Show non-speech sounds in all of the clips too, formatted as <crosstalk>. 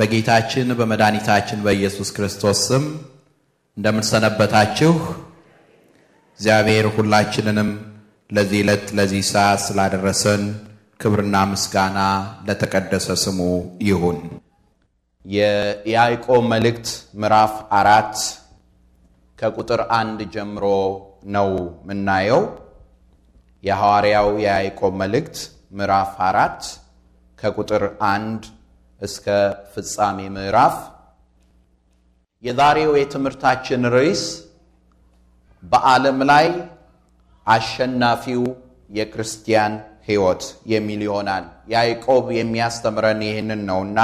በጌታችን በመድኃኒታችን በኢየሱስ ክርስቶስ ስም እንደምንሰነበታችሁ እግዚአብሔር ሁላችንንም ለዚህ ዕለት ለዚህ ሰዓት ስላደረሰን ክብርና ምስጋና ለተቀደሰ ስሙ ይሁን። የያዕቆብ መልእክት ምዕራፍ አራት ከቁጥር አንድ ጀምሮ ነው የምናየው። የሐዋርያው የያዕቆብ መልእክት ምዕራፍ አራት ከቁጥር አንድ እስከ ፍጻሜ ምዕራፍ የዛሬው የትምህርታችን ርዕስ በዓለም ላይ አሸናፊው የክርስቲያን ሕይወት የሚል ይሆናል። ያዕቆብ የሚያስተምረን ይህንን ነውና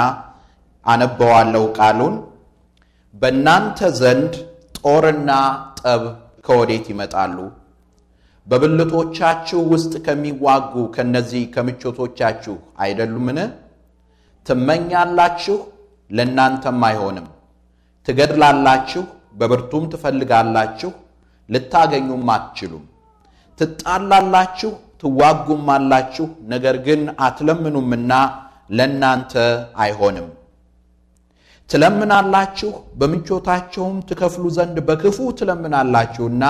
አነበዋለሁ ቃሉን። በእናንተ ዘንድ ጦርና ጠብ ከወዴት ይመጣሉ? በብልቶቻችሁ ውስጥ ከሚዋጉ ከነዚህ ከምቾቶቻችሁ አይደሉምን? ትመኛላችሁ፣ ለእናንተም አይሆንም። ትገድላላችሁ፣ በብርቱም ትፈልጋላችሁ፣ ልታገኙም አትችሉም። ትጣላላችሁ፣ ትዋጉም አላችሁ፣ ነገር ግን አትለምኑምና ለእናንተ አይሆንም። ትለምናላችሁ፣ በምቾታቸውም ትከፍሉ ዘንድ በክፉ ትለምናላችሁና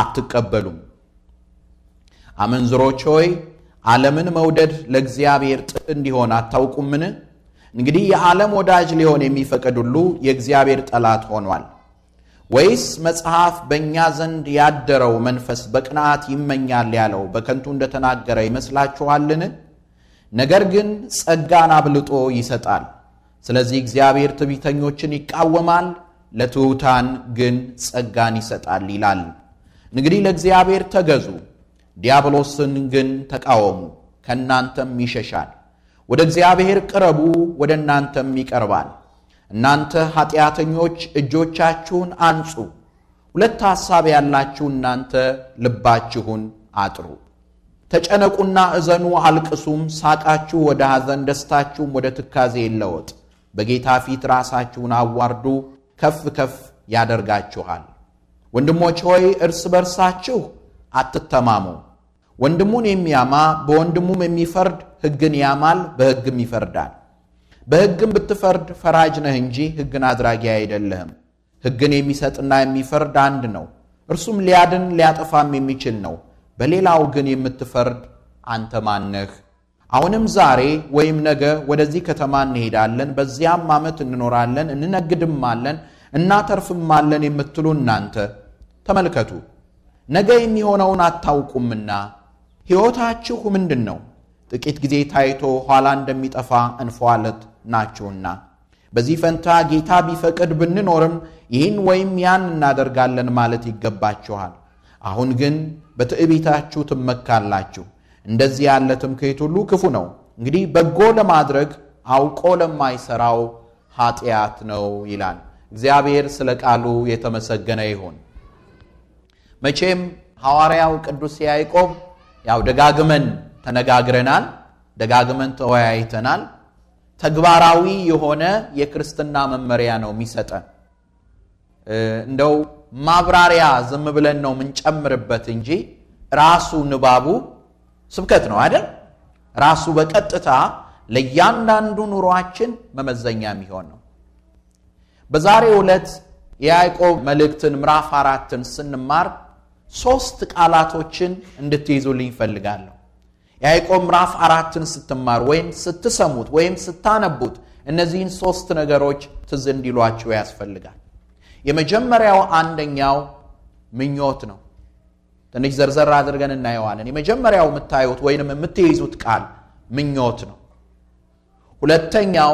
አትቀበሉም። አመንዝሮች ሆይ ዓለምን መውደድ ለእግዚአብሔር ጥል እንዲሆን አታውቁምን? እንግዲህ የዓለም ወዳጅ ሊሆን የሚፈቅድ ሁሉ የእግዚአብሔር ጠላት ሆኗል። ወይስ መጽሐፍ በእኛ ዘንድ ያደረው መንፈስ በቅንዓት ይመኛል ያለው በከንቱ እንደተናገረ ይመስላችኋልን? ነገር ግን ጸጋን አብልጦ ይሰጣል። ስለዚህ እግዚአብሔር ትዕቢተኞችን ይቃወማል፣ ለትሑታን ግን ጸጋን ይሰጣል ይላል። እንግዲህ ለእግዚአብሔር ተገዙ ዲያብሎስን ግን ተቃወሙ፣ ከእናንተም ይሸሻል። ወደ እግዚአብሔር ቅረቡ፣ ወደ እናንተም ይቀርባል። እናንተ ኃጢአተኞች እጆቻችሁን አንጹ፣ ሁለት ሐሳብ ያላችሁ እናንተ ልባችሁን አጥሩ። ተጨነቁና እዘኑ፣ አልቅሱም። ሳቃችሁ ወደ ሐዘን፣ ደስታችሁም ወደ ትካዜ ይለወጥ። በጌታ ፊት ራሳችሁን አዋርዱ፣ ከፍ ከፍ ያደርጋችኋል። ወንድሞች ሆይ እርስ በርሳችሁ አትተማሙ። ወንድሙን የሚያማ በወንድሙም የሚፈርድ ሕግን ያማል፣ በሕግም ይፈርዳል። በሕግም ብትፈርድ ፈራጅ ነህ እንጂ ሕግን አድራጊ አይደለህም። ሕግን የሚሰጥና የሚፈርድ አንድ ነው፣ እርሱም ሊያድን ሊያጠፋም የሚችል ነው። በሌላው ግን የምትፈርድ አንተ ማነህ? አሁንም ዛሬ ወይም ነገ ወደዚህ ከተማ እንሄዳለን፣ በዚያም ዓመት እንኖራለን፣ እንነግድማለን፣ እናተርፍማለን የምትሉ እናንተ ተመልከቱ ነገ የሚሆነውን አታውቁምና ሕይወታችሁ ምንድን ነው? ጥቂት ጊዜ ታይቶ ኋላ እንደሚጠፋ እንፏለት ናችሁና። በዚህ ፈንታ ጌታ ቢፈቅድ ብንኖርም ይህን ወይም ያን እናደርጋለን ማለት ይገባችኋል። አሁን ግን በትዕቢታችሁ ትመካላችሁ። እንደዚህ ያለ ትምክህት ሁሉ ክፉ ነው። እንግዲህ በጎ ለማድረግ አውቆ ለማይሰራው ኃጢአት ነው ይላል። እግዚአብሔር ስለ ቃሉ የተመሰገነ ይሁን። መቼም ሐዋርያው ቅዱስ ያዕቆብ ያው ደጋግመን ተነጋግረናል፣ ደጋግመን ተወያይተናል። ተግባራዊ የሆነ የክርስትና መመሪያ ነው የሚሰጠን። እንደው ማብራሪያ ዝም ብለን ነው የምንጨምርበት እንጂ ራሱ ንባቡ ስብከት ነው አይደል? ራሱ በቀጥታ ለእያንዳንዱ ኑሯችን መመዘኛ የሚሆን ነው። በዛሬው ዕለት የያዕቆብ መልእክትን ምዕራፍ አራትን ስንማር ሶስት ቃላቶችን እንድትይዙልኝ ይፈልጋለሁ። የያዕቆብ ምዕራፍ አራትን ስትማሩ ወይም ስትሰሙት ወይም ስታነቡት እነዚህን ሶስት ነገሮች ትዝ እንዲሏቸው ያስፈልጋል። የመጀመሪያው አንደኛው ምኞት ነው። ትንሽ ዘርዘር አድርገን እናየዋለን። የመጀመሪያው የምታዩት ወይንም የምትይዙት ቃል ምኞት ነው። ሁለተኛው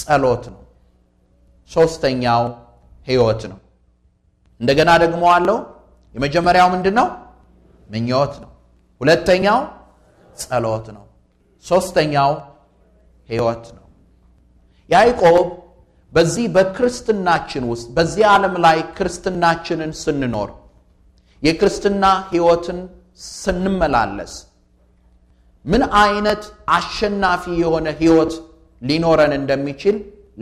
ጸሎት ነው። ሶስተኛው ሕይወት ነው። እንደገና ደግሞ አለው የመጀመሪያው ምንድን ነው? ምኞት ነው። ሁለተኛው ጸሎት ነው። ሦስተኛው ሕይወት ነው። ያዕቆብ በዚህ በክርስትናችን ውስጥ በዚህ ዓለም ላይ ክርስትናችንን ስንኖር የክርስትና ሕይወትን ስንመላለስ ምን አይነት አሸናፊ የሆነ ሕይወት ሊኖረን እንደሚችል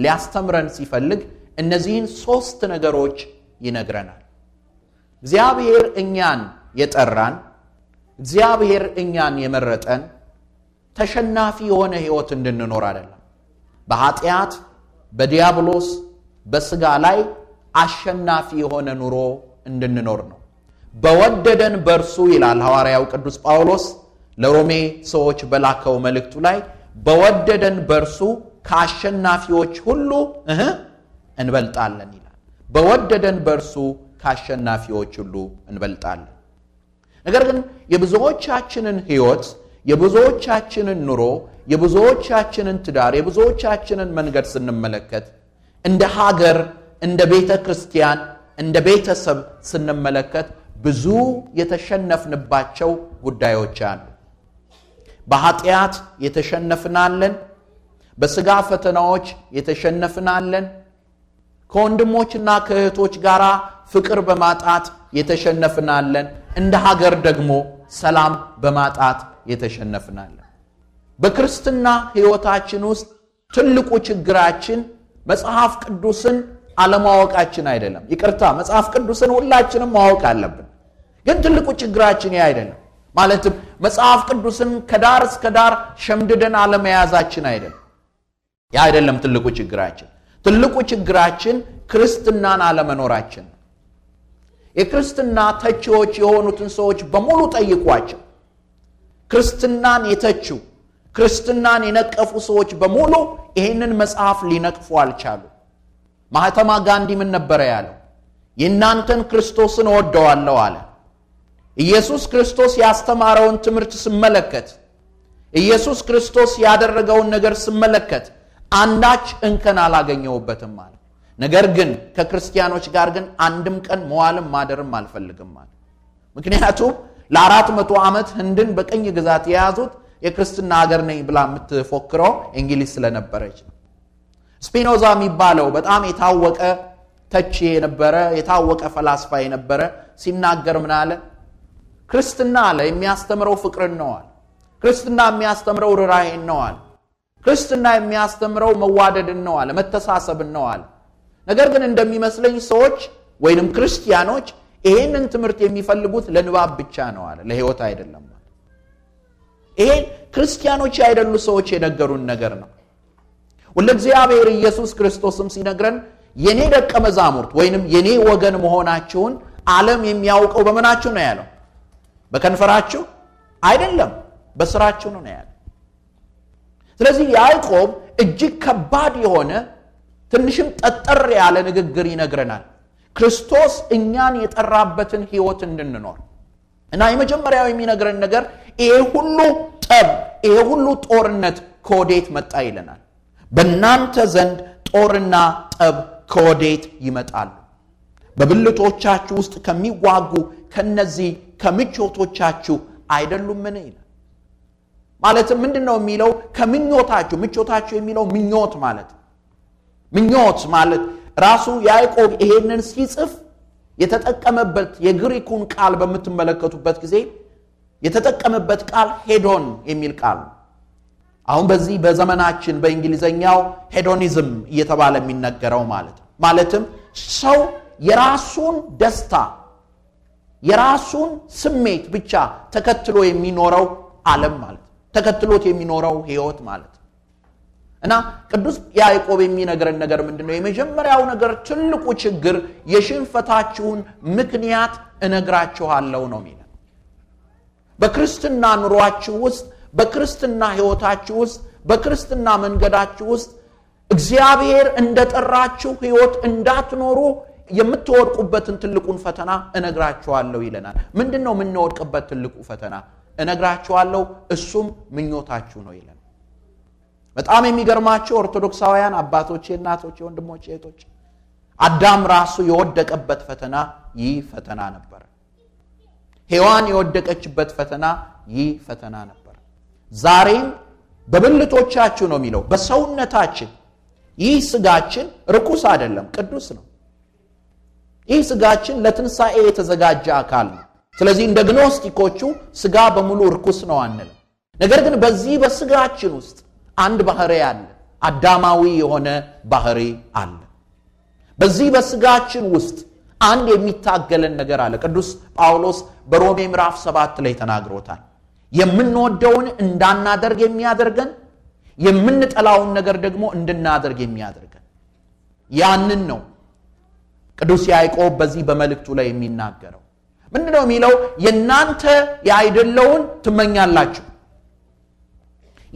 ሊያስተምረን ሲፈልግ እነዚህን ሦስት ነገሮች ይነግረናል። እግዚአብሔር እኛን የጠራን እግዚአብሔር እኛን የመረጠን ተሸናፊ የሆነ ሕይወት እንድንኖር አይደለም። በኃጢአት በዲያብሎስ በሥጋ ላይ አሸናፊ የሆነ ኑሮ እንድንኖር ነው። በወደደን በእርሱ ይላል ሐዋርያው ቅዱስ ጳውሎስ ለሮሜ ሰዎች በላከው መልእክቱ ላይ በወደደን በእርሱ ከአሸናፊዎች ሁሉ እንበልጣለን ይላል። በወደደን በእርሱ ከአሸናፊዎች ሁሉ እንበልጣለን። ነገር ግን የብዙዎቻችንን ሕይወት፣ የብዙዎቻችንን ኑሮ፣ የብዙዎቻችንን ትዳር፣ የብዙዎቻችንን መንገድ ስንመለከት እንደ ሀገር፣ እንደ ቤተ ክርስቲያን፣ እንደ ቤተሰብ ስንመለከት ብዙ የተሸነፍንባቸው ጉዳዮች አሉ። በኃጢአት የተሸነፍናለን። በሥጋ ፈተናዎች የተሸነፍናለን። ከወንድሞችና ከእህቶች ጋር ፍቅር በማጣት የተሸነፍናለን። እንደ ሀገር ደግሞ ሰላም በማጣት የተሸነፍናለን። በክርስትና ሕይወታችን ውስጥ ትልቁ ችግራችን መጽሐፍ ቅዱስን አለማወቃችን አይደለም። ይቅርታ፣ መጽሐፍ ቅዱስን ሁላችንም ማወቅ አለብን። ግን ትልቁ ችግራችን ይህ አይደለም። ማለትም መጽሐፍ ቅዱስን ከዳር እስከ ዳር ሸምድደን አለመያዛችን አይደለም። ያ አይደለም ትልቁ ችግራችን። ትልቁ ችግራችን ክርስትናን አለመኖራችን። የክርስትና ተቺዎች የሆኑትን ሰዎች በሙሉ ጠይቋቸው። ክርስትናን የተቹ ክርስትናን የነቀፉ ሰዎች በሙሉ ይህንን መጽሐፍ ሊነቅፉ አልቻሉ። ማህተማ ጋንዲ ምን ነበረ ያለው? የእናንተን ክርስቶስን እወደዋለሁ አለ። ኢየሱስ ክርስቶስ ያስተማረውን ትምህርት ስመለከት፣ ኢየሱስ ክርስቶስ ያደረገውን ነገር ስመለከት አንዳች እንከን አላገኘውበትም አለ። ነገር ግን ከክርስቲያኖች ጋር ግን አንድም ቀን መዋልም ማደርም አልፈልግም አለ። ምክንያቱም ለአራት መቶ ዓመት ህንድን በቅኝ ግዛት የያዙት የክርስትና ሀገር ነኝ ብላ የምትፎክረው እንግሊዝ ስለነበረች ነው። ስፒኖዛ የሚባለው በጣም የታወቀ ተቺ የነበረ የታወቀ ፈላስፋ የነበረ ሲናገር ምን አለ? ክርስትና አለ የሚያስተምረው ፍቅርን ነዋል። ክርስትና የሚያስተምረው ርኅራኄን ነዋል። ክርስትና የሚያስተምረው መዋደድን ነው አለ፣ መተሳሰብን ነው አለ። ነገር ግን እንደሚመስለኝ ሰዎች ወይንም ክርስቲያኖች ይሄንን ትምህርት የሚፈልጉት ለንባብ ብቻ ነው አለ፣ ለህይወት አይደለም። ይሄን ክርስቲያኖች ያይደሉ ሰዎች የነገሩን ነገር ነው። ወለ እግዚአብሔር ኢየሱስ ክርስቶስም ሲነግረን የኔ ደቀ መዛሙርት ወይንም የኔ ወገን መሆናችሁን ዓለም የሚያውቀው በምናችሁ ነው ያለው። በከንፈራችሁ አይደለም፣ በስራችሁ ነው ያለው። ስለዚህ ያዕቆብ እጅግ ከባድ የሆነ ትንሽም ጠጠር ያለ ንግግር ይነግረናል ክርስቶስ እኛን የጠራበትን ህይወት እንድንኖር እና የመጀመሪያው የሚነግረን ነገር ይሄ ሁሉ ጠብ ይሄ ሁሉ ጦርነት ከወዴት መጣ ይለናል በእናንተ ዘንድ ጦርና ጠብ ከወዴት ይመጣሉ በብልቶቻችሁ ውስጥ ከሚዋጉ ከነዚህ ከምቾቶቻችሁ አይደሉምን ይላል ማለትም ምንድን ነው የሚለው ከምኞታችሁ ምቾታችሁ የሚለው ምኞት ማለት ምኞት ማለት ራሱ ያዕቆብ ይሄንን ሲጽፍ የተጠቀመበት የግሪኩን ቃል በምትመለከቱበት ጊዜ የተጠቀመበት ቃል ሄዶን የሚል ቃል ነው። አሁን በዚህ በዘመናችን በእንግሊዘኛው ሄዶኒዝም እየተባለ የሚነገረው ማለት ነው። ማለትም ሰው የራሱን ደስታ የራሱን ስሜት ብቻ ተከትሎ የሚኖረው ዓለም ማለት ነው። ተከትሎት የሚኖረው ህይወት ማለት እና ቅዱስ ያዕቆብ የሚነግረን ነገር ምንድን ነው? የመጀመሪያው ነገር ትልቁ ችግር የሽንፈታችሁን ምክንያት እነግራችኋለሁ ነው የሚለን። በክርስትና ኑሯችሁ ውስጥ፣ በክርስትና ህይወታችሁ ውስጥ፣ በክርስትና መንገዳችሁ ውስጥ እግዚአብሔር እንደጠራችሁ ህይወት እንዳትኖሩ የምትወድቁበትን ትልቁን ፈተና እነግራችኋለሁ ይለናል። ምንድን ነው የምንወድቅበት ትልቁ ፈተና? እነግራችኋለሁ እሱም ምኞታችሁ ነው ይለን። በጣም የሚገርማቸው ኦርቶዶክሳውያን አባቶቼ፣ እናቶቼ፣ ወንድሞቼ፣ እህቶቼ አዳም ራሱ የወደቀበት ፈተና ይህ ፈተና ነበረ። ሔዋን የወደቀችበት ፈተና ይህ ፈተና ነበረ። ዛሬም በብልቶቻችሁ ነው የሚለው በሰውነታችን ይህ ስጋችን ርኩስ አይደለም፣ ቅዱስ ነው። ይህ ስጋችን ለትንሣኤ የተዘጋጀ አካል ነው። ስለዚህ እንደ ግኖስቲኮቹ ስጋ በሙሉ ርኩስ ነው አንል። ነገር ግን በዚህ በስጋችን ውስጥ አንድ ባህሪ አለ፣ አዳማዊ የሆነ ባህሪ አለ። በዚህ በስጋችን ውስጥ አንድ የሚታገለን ነገር አለ። ቅዱስ ጳውሎስ በሮሜ ምዕራፍ ሰባት ላይ ተናግሮታል። የምንወደውን እንዳናደርግ የሚያደርገን የምንጠላውን ነገር ደግሞ እንድናደርግ የሚያደርገን ያንን ነው ቅዱስ ያዕቆብ በዚህ በመልእክቱ ላይ የሚናገረው ምንድ ነው የሚለው? የእናንተ የአይደለውን ትመኛላችሁ፣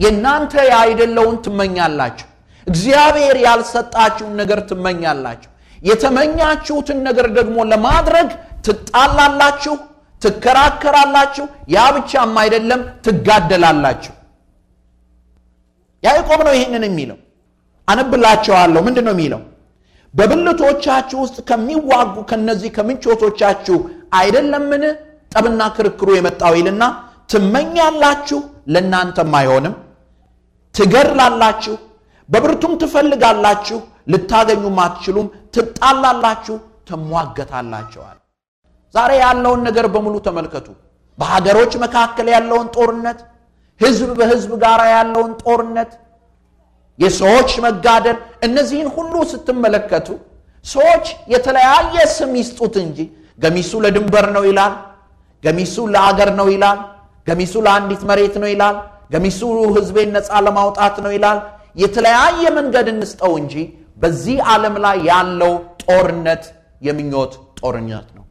የእናንተ የአይደለውን ትመኛላችሁ፣ እግዚአብሔር ያልሰጣችሁን ነገር ትመኛላችሁ። የተመኛችሁትን ነገር ደግሞ ለማድረግ ትጣላላችሁ፣ ትከራከራላችሁ። ያ ብቻም አይደለም ትጋደላላችሁ። ያዕቆብ ነው ይህንን የሚለው። አነብላቸዋለሁ። ምንድ ነው የሚለው? በብልቶቻችሁ ውስጥ ከሚዋጉ ከነዚህ ከምንቾቶቻችሁ አይደለምን ጠብና ክርክሩ የመጣው ይልና ትመኛላችሁ፣ ለእናንተም አይሆንም፣ ትገድላላችሁ፣ በብርቱም ትፈልጋላችሁ፣ ልታገኙም አትችሉም፣ ትጣላላችሁ፣ ትሟገታላችኋል። ዛሬ ያለውን ነገር በሙሉ ተመልከቱ። በሀገሮች መካከል ያለውን ጦርነት፣ ህዝብ በህዝብ ጋር ያለውን ጦርነት፣ የሰዎች መጋደል፣ እነዚህን ሁሉ ስትመለከቱ ሰዎች የተለያየ ስም ይስጡት እንጂ ገሚሱ ለድንበር ነው ይላል። ገሚሱ ለአገር ነው ይላል። ገሚሱ ለአንዲት መሬት ነው ይላል። ገሚሱ ህዝቤን ነፃ ለማውጣት ነው ይላል። የተለያየ መንገድ እንስጠው እንጂ በዚህ ዓለም ላይ ያለው ጦርነት የምኞት ጦርነት ነው።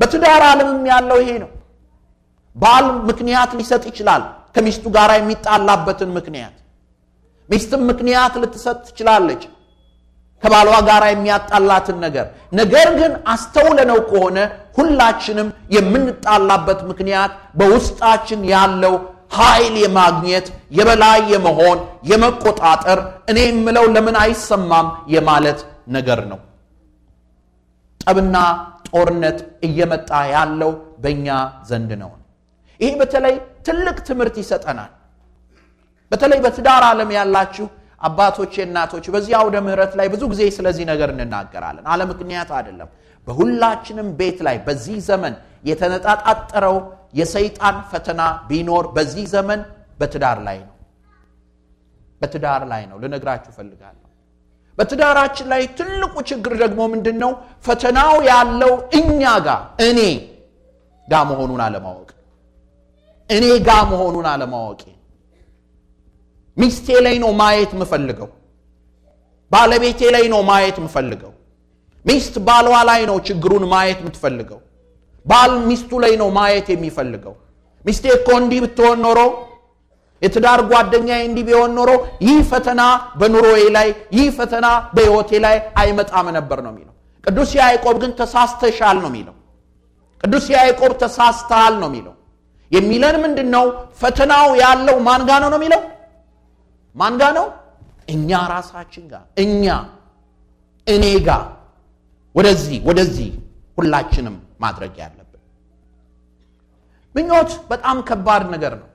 በትዳር ዓለምም ያለው ይሄ ነው። ባል ምክንያት ሊሰጥ ይችላል ከሚስቱ ጋር የሚጣላበትን ምክንያት፣ ሚስትም ምክንያት ልትሰጥ ትችላለች ከባሏ ጋር የሚያጣላትን ነገር። ነገር ግን አስተውለነው ከሆነ ሁላችንም የምንጣላበት ምክንያት በውስጣችን ያለው ኃይል የማግኘት የበላይ የመሆን የመቆጣጠር፣ እኔ የምለው ለምን አይሰማም የማለት ነገር ነው። ጠብና ጦርነት እየመጣ ያለው በእኛ ዘንድ ነው። ይሄ በተለይ ትልቅ ትምህርት ይሰጠናል። በተለይ በትዳር ዓለም ያላችሁ አባቶች፣ እናቶች በዚህ አውደ ምህረት ላይ ብዙ ጊዜ ስለዚህ ነገር እንናገራለን። አለ ምክንያት አይደለም። በሁላችንም ቤት ላይ በዚህ ዘመን የተነጣጣጠረው የሰይጣን ፈተና ቢኖር በዚህ ዘመን በትዳር ላይ ነው። በትዳር ላይ ነው ልነግራችሁ እፈልጋለሁ። በትዳራችን ላይ ትልቁ ችግር ደግሞ ምንድን ነው? ፈተናው ያለው እኛ ጋ እኔ ጋ መሆኑን አለማወቅ እኔ ጋ መሆኑን አለማወቅ ሚስቴ ላይ ነው ማየት የምፈልገው። ባለቤቴ ላይ ነው ማየት የምፈልገው። ሚስት ባሏ ላይ ነው ችግሩን ማየት የምትፈልገው። ባል ሚስቱ ላይ ነው ማየት የሚፈልገው። ሚስቴ እኮ እንዲህ ብትሆን ኖሮ፣ የትዳር ጓደኛዬ እንዲህ ቢሆን ኖሮ ይህ ፈተና በኑሮዬ ላይ፣ ይህ ፈተና በሕይወቴ ላይ አይመጣም ነበር ነው የሚለው ቅዱስ ያዕቆብ። ግን ተሳስተሻል ነው የሚለው ቅዱስ ያዕቆብ። ተሳስተሃል ነው የሚለው የሚለን ምንድን ነው? ፈተናው ያለው ማን ጋ ነው ነው የሚለው ማን ጋ ነው? እኛ ራሳችን ጋር እኛ እኔ ጋር ወደዚህ ወደዚህ ሁላችንም ማድረግ ያለብን ምኞት በጣም ከባድ ነገር ነው።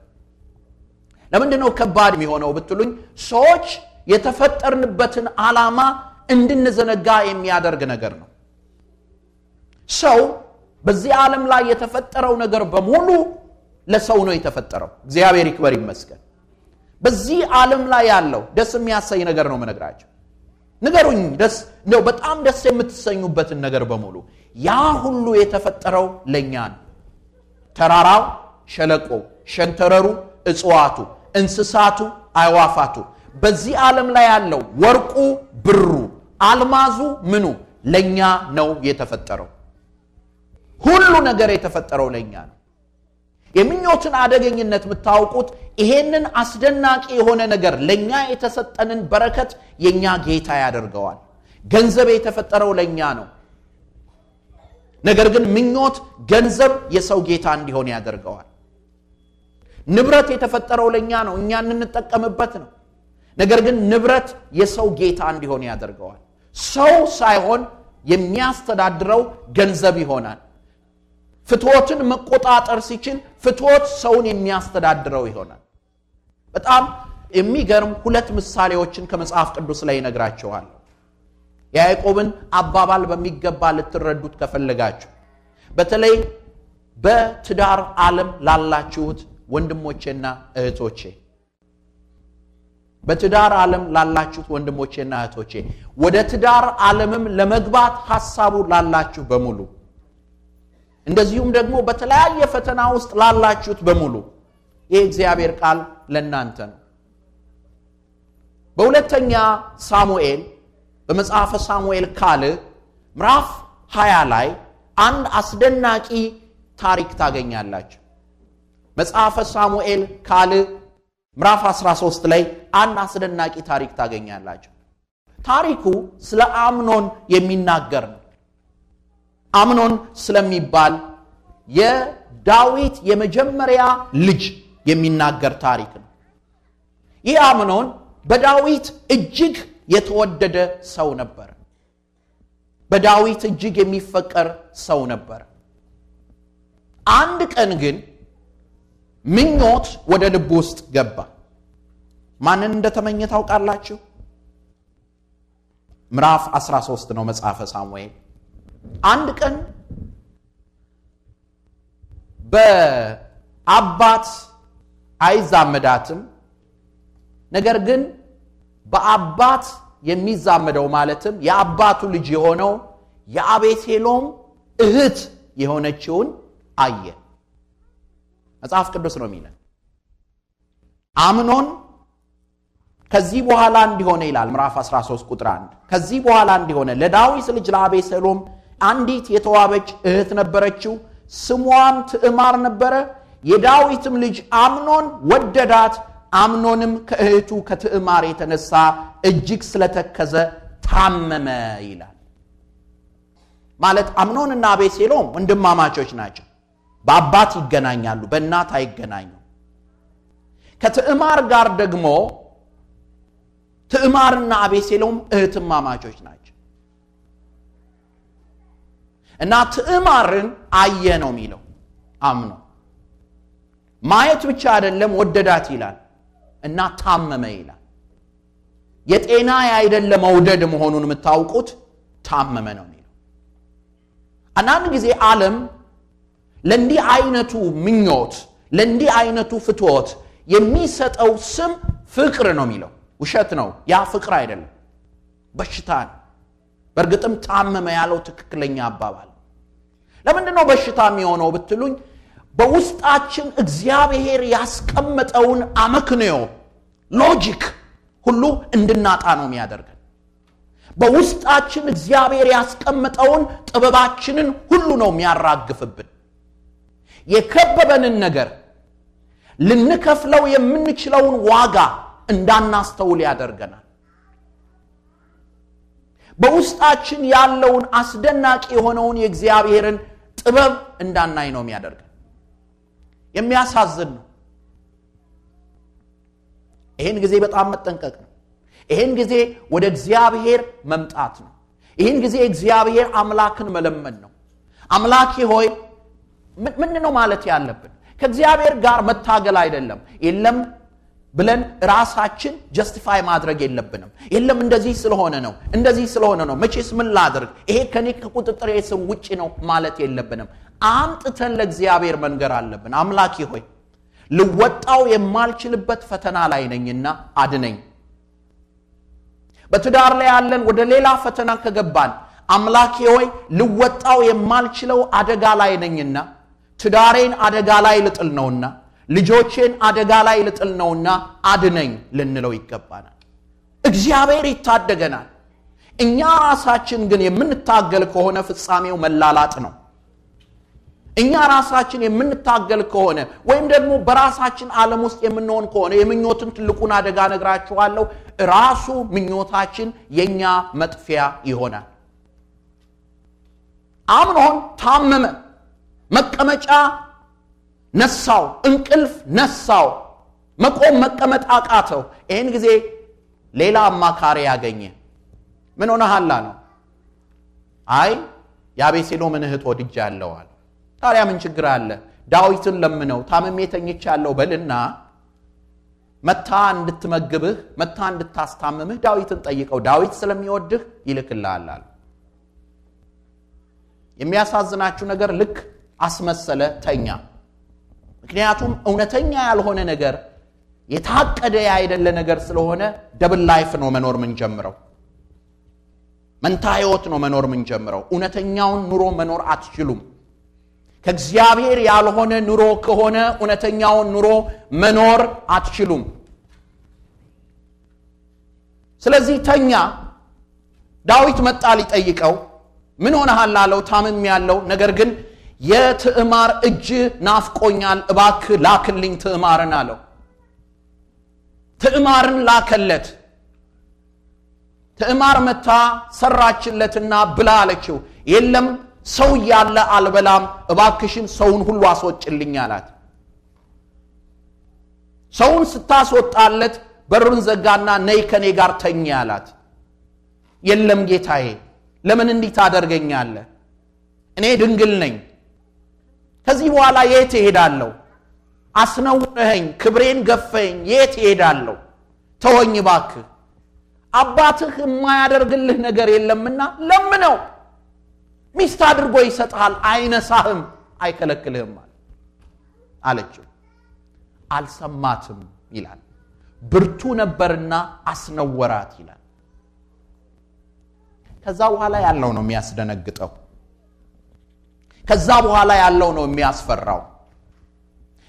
ለምንድን ነው ከባድ የሚሆነው ብትሉኝ፣ ሰዎች የተፈጠርንበትን ዓላማ እንድንዘነጋ የሚያደርግ ነገር ነው። ሰው በዚህ ዓለም ላይ የተፈጠረው ነገር በሙሉ ለሰው ነው የተፈጠረው። እግዚአብሔር ይክበር ይመስገን። በዚህ ዓለም ላይ ያለው ደስ የሚያሰኝ ነገር ነው መነግራቸው። ንገሩኝ፣ ደስ እንደው በጣም ደስ የምትሰኙበትን ነገር በሙሉ። ያ ሁሉ የተፈጠረው ለእኛ ነው። ተራራው፣ ሸለቆው፣ ሸንተረሩ፣ እጽዋቱ፣ እንስሳቱ፣ አይዋፋቱ በዚህ ዓለም ላይ ያለው ወርቁ፣ ብሩ፣ አልማዙ፣ ምኑ ለእኛ ነው የተፈጠረው። ሁሉ ነገር የተፈጠረው ለእኛ ነው። የምኞትን አደገኝነት የምታውቁት ይሄንን አስደናቂ የሆነ ነገር ለእኛ የተሰጠንን በረከት የእኛ ጌታ ያደርገዋል። ገንዘብ የተፈጠረው ለእኛ ነው። ነገር ግን ምኞት ገንዘብ የሰው ጌታ እንዲሆን ያደርገዋል። ንብረት የተፈጠረው ለእኛ ነው፣ እኛ እንንጠቀምበት ነው። ነገር ግን ንብረት የሰው ጌታ እንዲሆን ያደርገዋል። ሰው ሳይሆን የሚያስተዳድረው ገንዘብ ይሆናል። ፍትወትን መቆጣጠር ሲችል ፍትወት ሰውን የሚያስተዳድረው ይሆናል። በጣም የሚገርም ሁለት ምሳሌዎችን ከመጽሐፍ ቅዱስ ላይ ይነግራቸዋል። የያዕቆብን አባባል በሚገባ ልትረዱት ከፈለጋችሁ በተለይ በትዳር ዓለም ላላችሁት ወንድሞቼና እህቶቼ በትዳር ዓለም ላላችሁት ወንድሞቼና እህቶቼ ወደ ትዳር ዓለምም ለመግባት ሐሳቡ ላላችሁ በሙሉ እንደዚሁም ደግሞ በተለያየ ፈተና ውስጥ ላላችሁት በሙሉ የእግዚአብሔር ቃል ለእናንተ ነው። በሁለተኛ ሳሙኤል በመጽሐፈ ሳሙኤል ካልዕ ምዕራፍ 20 ላይ አንድ አስደናቂ ታሪክ ታገኛላችሁ። መጽሐፈ ሳሙኤል ካልዕ ምዕራፍ 13 ላይ አንድ አስደናቂ ታሪክ ታገኛላችሁ። ታሪኩ ስለ አምኖን የሚናገር ነው። አምኖን ስለሚባል የዳዊት የመጀመሪያ ልጅ የሚናገር ታሪክ ነው። ይህ አምኖን በዳዊት እጅግ የተወደደ ሰው ነበር። በዳዊት እጅግ የሚፈቀር ሰው ነበር። አንድ ቀን ግን ምኞት ወደ ልብ ውስጥ ገባ። ማንን እንደተመኘ ታውቃላችሁ? ምዕራፍ 13 ነው መጽሐፈ ሳሙኤል። አንድ ቀን በአባት አይዛመዳትም ነገር ግን በአባት የሚዛመደው ማለትም የአባቱ ልጅ የሆነው የአቤሴሎም እህት የሆነችውን አየ። መጽሐፍ ቅዱስ ነው የሚለን። አምኖን ከዚህ በኋላ እንዲሆነ ይላል ምዕራፍ 13 ቁጥር 1 ከዚህ በኋላ እንዲሆነ ለዳዊት ልጅ ለአቤሴሎም አንዲት የተዋበች እህት ነበረችው፣ ስሟም ትዕማር ነበረ። የዳዊትም ልጅ አምኖን ወደዳት አምኖንም ከእህቱ ከትዕማር የተነሳ እጅግ ስለተከዘ ታመመ ይላል። ማለት አምኖንና አቤሴሎም ወንድማማቾች ናቸው። በአባት ይገናኛሉ፣ በእናት አይገናኙ። ከትዕማር ጋር ደግሞ ትዕማርና አቤሴሎም እህትማማቾች ናቸው እና ትዕማርን አየ ነው የሚለው አምኖ ማየት ብቻ አይደለም ወደዳት ይላል። እና ታመመ ይላል። የጤና አይደለ መውደድ መሆኑን የምታውቁት ታመመ ነው የሚለው። አንዳንድ ጊዜ ዓለም ለእንዲህ አይነቱ ምኞት፣ ለእንዲህ አይነቱ ፍትወት የሚሰጠው ስም ፍቅር ነው የሚለው። ውሸት ነው። ያ ፍቅር አይደለም፣ በሽታ ነው። በእርግጥም ታመመ ያለው ትክክለኛ አባባል። ለምንድን ነው በሽታ የሚሆነው ብትሉኝ በውስጣችን እግዚአብሔር ያስቀመጠውን አመክንዮ ሎጂክ ሁሉ እንድናጣ ነው የሚያደርገን በውስጣችን እግዚአብሔር ያስቀመጠውን ጥበባችንን ሁሉ ነው የሚያራግፍብን የከበበንን ነገር ልንከፍለው የምንችለውን ዋጋ እንዳናስተውል ያደርገናል በውስጣችን ያለውን አስደናቂ የሆነውን የእግዚአብሔርን ጥበብ እንዳናይ ነው የሚያደርገን የሚያሳዝን ነው። ይህን ጊዜ በጣም መጠንቀቅ ነው። ይህን ጊዜ ወደ እግዚአብሔር መምጣት ነው። ይህን ጊዜ እግዚአብሔር አምላክን መለመን ነው። አምላኬ ሆይ ምን ነው ማለት ያለብን? ከእግዚአብሔር ጋር መታገል አይደለም የለም ብለን ራሳችን ጀስቲፋይ ማድረግ የለብንም። የለም እንደዚህ ስለሆነ ነው እንደዚህ ስለሆነ ነው መቼስ ምን ላድርግ፣ ይሄ ከኔ ከቁጥጥር ስም ውጭ ነው ማለት የለብንም። አምጥተን ለእግዚአብሔር መንገር አለብን። አምላኪ ሆይ ልወጣው የማልችልበት ፈተና ላይ ነኝና አድነኝ። በትዳር ላይ ያለን ወደ ሌላ ፈተና ከገባን አምላኬ ሆይ ልወጣው የማልችለው አደጋ ላይ ነኝና ትዳሬን አደጋ ላይ ልጥል ነውና ልጆቼን አደጋ ላይ ልጥል ነውና አድነኝ ልንለው ይገባናል። እግዚአብሔር ይታደገናል። እኛ ራሳችን ግን የምንታገል ከሆነ ፍጻሜው መላላጥ ነው። እኛ ራሳችን የምንታገል ከሆነ ወይም ደግሞ በራሳችን ዓለም ውስጥ የምንሆን ከሆነ የምኞትን ትልቁን አደጋ ነግራችኋለሁ፣ ራሱ ምኞታችን የእኛ መጥፊያ ይሆናል። አምኖን ታመመ መቀመጫ ነሳው፣ እንቅልፍ ነሳው፣ መቆም መቀመጥ አቃተው። ይህን ጊዜ ሌላ አማካሪ ያገኘ። ምን ሆነሃላ ነው? አይ የአቤሴሎምን እህት ወድጃ ያለዋል። ታዲያ ምን ችግር አለ? ዳዊትን ለምነው ታምሜ ተኝቻለሁ በልና መታ እንድትመግብህ መታ እንድታስታምምህ ዳዊትን ጠይቀው፣ ዳዊት ስለሚወድህ ይልክልሃል አለ። የሚያሳዝናችሁ ነገር ልክ አስመሰለ፣ ተኛ። ምክንያቱም እውነተኛ ያልሆነ ነገር የታቀደ ያይደለ ነገር ስለሆነ ደብል ላይፍ ነው መኖር ምንጀምረው። መንታ ህይወት ነው መኖር ምንጀምረው። እውነተኛውን ኑሮ መኖር አትችሉም። ከእግዚአብሔር ያልሆነ ኑሮ ከሆነ እውነተኛውን ኑሮ መኖር አትችሉም። ስለዚህ ተኛ። ዳዊት መጣ ሊጠይቀው ምን ሆነሃል አለው። ታምም ያለው ነገር ግን የትዕማር እጅ ናፍቆኛል፣ እባክ ላክልኝ ትዕማርን አለው። ትዕማርን ላከለት። ትዕማር መታ ሰራችለትና ብላ አለችው። የለም ሰው እያለ አልበላም፣ እባክሽን ሰውን ሁሉ አስወጭልኝ አላት። ሰውን ስታስወጣለት በሩን ዘጋና ነይ ከኔ ጋር ተኝ አላት። የለም ጌታዬ፣ ለምን እንዲህ ታደርገኛለህ? እኔ ድንግል ነኝ ከዚህ በኋላ የት እሄዳለሁ? አስነውረኸኝ፣ ክብሬን ገፈኝ፣ የት እሄዳለሁ? ተወኝ እባክህ። አባትህ የማያደርግልህ ነገር የለምና ለምነው። ሚስት አድርጎ ይሰጥሃል፣ አይነሳህም፣ አይከለክልህም አለችው። አልሰማትም ይላል። ብርቱ ነበርና አስነወራት ይላል። ከዛ በኋላ ያለው ነው የሚያስደነግጠው። ከዛ በኋላ ያለው ነው የሚያስፈራው።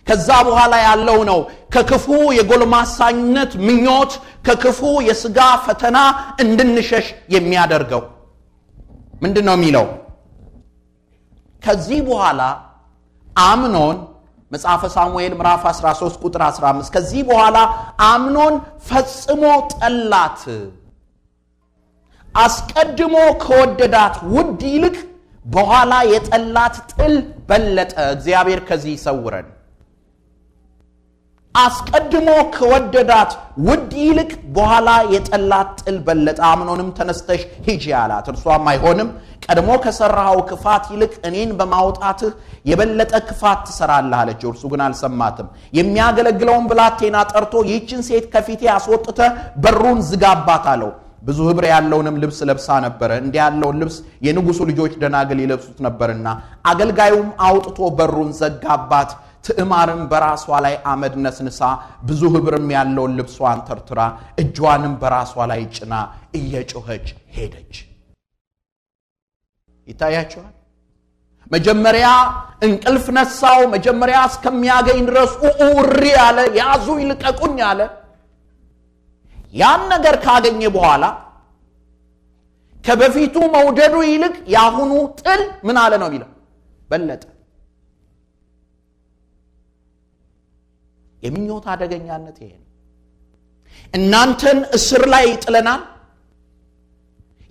ከዛ በኋላ ያለው ነው ከክፉ የጎልማሳነት ምኞት፣ ከክፉ የሥጋ ፈተና እንድንሸሽ የሚያደርገው ምንድን ነው የሚለው? ከዚህ በኋላ አምኖን መጽሐፈ ሳሙኤል ምዕራፍ 13 ቁጥር 15 ከዚህ በኋላ አምኖን ፈጽሞ ጠላት፣ አስቀድሞ ከወደዳት ውድ ይልቅ በኋላ የጠላት ጥል በለጠ። እግዚአብሔር ከዚህ ይሰውረን። አስቀድሞ ከወደዳት ውድ ይልቅ በኋላ የጠላት ጥል በለጠ። አምኖንም ተነስተሽ ሂጂ አላት። እርሷም አይሆንም፣ ቀድሞ ከሰራኸው ክፋት ይልቅ እኔን በማውጣትህ የበለጠ ክፋት ትሰራለህ አለችው። እርሱ ግን አልሰማትም። የሚያገለግለውን ብላቴና ጠርቶ ይህችን ሴት ከፊቴ አስወጥተ በሩን ዝጋባት አለው። ብዙ ኅብር ያለውንም ልብስ ለብሳ ነበረ። እንዲህ ያለውን ልብስ የንጉሡ ልጆች ደናግል ይለብሱት ነበርና፣ አገልጋዩም አውጥቶ በሩን ዘጋባት። ትዕማርም በራሷ ላይ አመድ ነስንሳ ብዙ ኅብርም ያለውን ልብሷን ተርትራ እጇንም በራሷ ላይ ጭና እየጮኸች ሄደች። ይታያቸዋል። መጀመሪያ እንቅልፍ ነሳው። መጀመሪያ እስከሚያገኝ ድረስ ኡሪ ያለ ያዙ ይልቀቁኝ አለ። ያን ነገር ካገኘ በኋላ ከበፊቱ መውደዱ ይልቅ የአሁኑ ጥል ምን አለ ነው የሚለው በለጠ። የምኞት አደገኛነት ይሄ ነው። እናንተን እስር ላይ ይጥለናል፣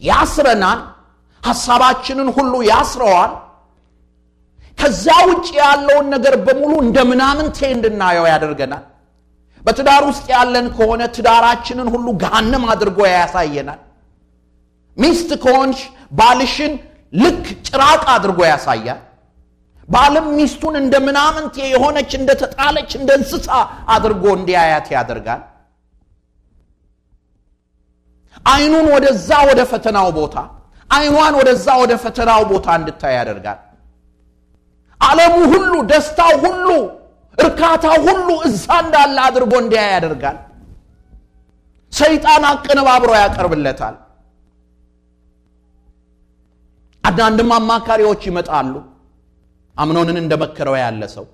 ያስረናል፣ ሐሳባችንን ሁሉ ያስረዋል። ከዛ ውጭ ያለውን ነገር በሙሉ እንደ ምናምንቴ እንድናየው ያደርገናል። በትዳር ውስጥ ያለን ከሆነ ትዳራችንን ሁሉ ገሃነም አድርጎ ያሳየናል። ሚስት ከሆንሽ ባልሽን ልክ ጭራቅ አድርጎ ያሳያል። ባልም ሚስቱን እንደ ምናምንት የሆነች እንደ ተጣለች እንደ እንስሳ አድርጎ እንዲያያት ያደርጋል። አይኑን ወደዛ ወደ ፈተናው ቦታ አይኗን ወደዛ ወደ ፈተናው ቦታ እንድታይ ያደርጋል። ዓለሙ ሁሉ ደስታው ሁሉ እርካታ ሁሉ እዛ እንዳለ አድርጎ እንዲያ ያደርጋል። ሰይጣን አቀነባብሮ ያቀርብለታል። አንዳንድም አማካሪዎች ይመጣሉ። አምኖንን እንደመከረው ያለ ሰው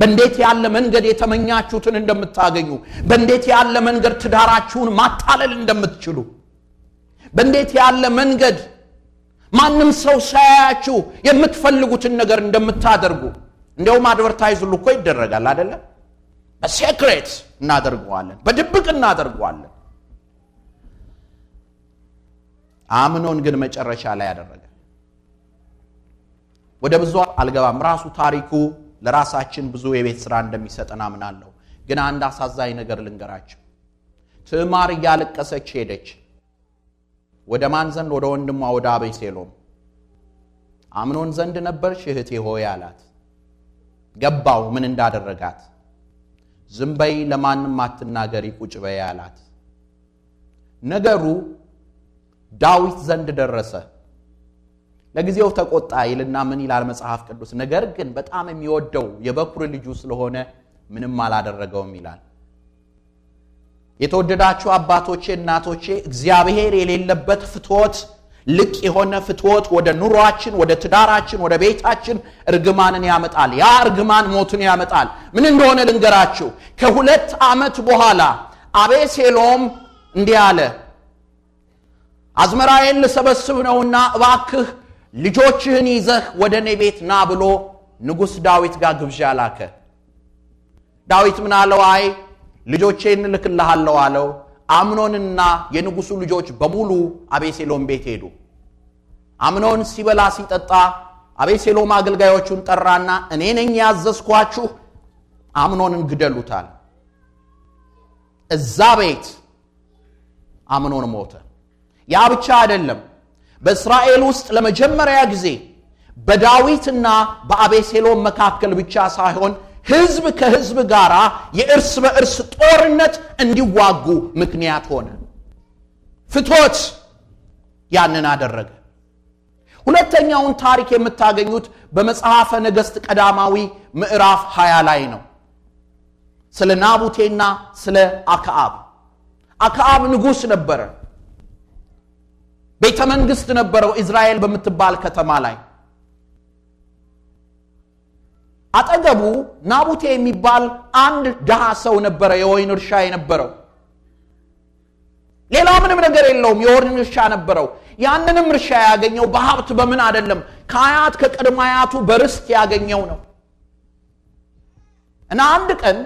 በእንዴት ያለ መንገድ የተመኛችሁትን እንደምታገኙ፣ በእንዴት ያለ መንገድ ትዳራችሁን ማታለል እንደምትችሉ፣ በእንዴት ያለ መንገድ ማንም ሰው ሳያያችሁ የምትፈልጉትን ነገር እንደምታደርጉ እንዲያውም አድቨርታይዝ እኮ ይደረጋል አይደለም? በሴክሬት እናደርገዋለን፣ በድብቅ እናደርገዋለን። አምኖን ግን መጨረሻ ላይ ያደረገ ወደ ብዙ አልገባም። ራሱ ታሪኩ ለራሳችን ብዙ የቤት ስራ እንደሚሰጠን አምናለሁ። ግን አንድ አሳዛኝ ነገር ልንገራቸው። ትዕማር እያለቀሰች ሄደች ወደ ማን ዘንድ? ወደ ወንድሟ ወደ አቤሴሎም። አምኖን ዘንድ ነበር ሽህቴ ሆይ አላት። ገባው ምን እንዳደረጋት። ዝም በይ ለማንም አትናገሪ፣ ቁጭ በይ አላት። ነገሩ ዳዊት ዘንድ ደረሰ። ለጊዜው ተቆጣ ይልና ምን ይላል መጽሐፍ ቅዱስ? ነገር ግን በጣም የሚወደው የበኩር ልጁ ስለሆነ ምንም አላደረገውም ይላል። የተወደዳችሁ አባቶቼ፣ እናቶቼ እግዚአብሔር የሌለበት ፍትወት ልቅ የሆነ ፍትወት ወደ ኑሯችን፣ ወደ ትዳራችን፣ ወደ ቤታችን እርግማንን ያመጣል። ያ እርግማን ሞትን ያመጣል። ምን እንደሆነ ልንገራችሁ። ከሁለት ዓመት በኋላ አቤሴሎም እንዲህ አለ፣ አዝመራዬን ልሰበስብ ነውና እባክህ ልጆችህን ይዘህ ወደ እኔ ቤት ና ብሎ ንጉሥ ዳዊት ጋር ግብዣ ላከ። ዳዊት ምን አለው? አይ ልጆቼን እልክልሃለሁ አለው። አምኖንና የንጉሱ ልጆች በሙሉ አቤሴሎም ቤት ሄዱ። አምኖን ሲበላ ሲጠጣ አቤሴሎም አገልጋዮቹን ጠራና እኔ ነኝ ያዘዝኳችሁ አምኖንን ግደሉታል። እዛ ቤት አምኖን ሞተ። ያ ብቻ አይደለም። በእስራኤል ውስጥ ለመጀመሪያ ጊዜ በዳዊትና በአቤሴሎም መካከል ብቻ ሳይሆን ህዝብ ከህዝብ ጋር የእርስ በእርስ ጦርነት እንዲዋጉ ምክንያት ሆነ። ፍቶት ያንን አደረገ። ሁለተኛውን ታሪክ የምታገኙት በመጽሐፈ ነገሥት ቀዳማዊ ምዕራፍ 20 ላይ ነው። ስለ ናቡቴና ስለ አክዓብ። አክዓብ ንጉሥ ነበረ። ቤተ መንግሥት ነበረው እዝራኤል በምትባል ከተማ ላይ አጠገቡ ናቡቴ የሚባል አንድ ድሃ ሰው ነበረ። የወይን እርሻ የነበረው ሌላ ምንም ነገር የለውም። የወይን እርሻ ነበረው። ያንንም እርሻ ያገኘው በሀብት በምን አይደለም፣ ከአያት ከቅድመ አያቱ በርስት ያገኘው ነው። እና አንድ ቀን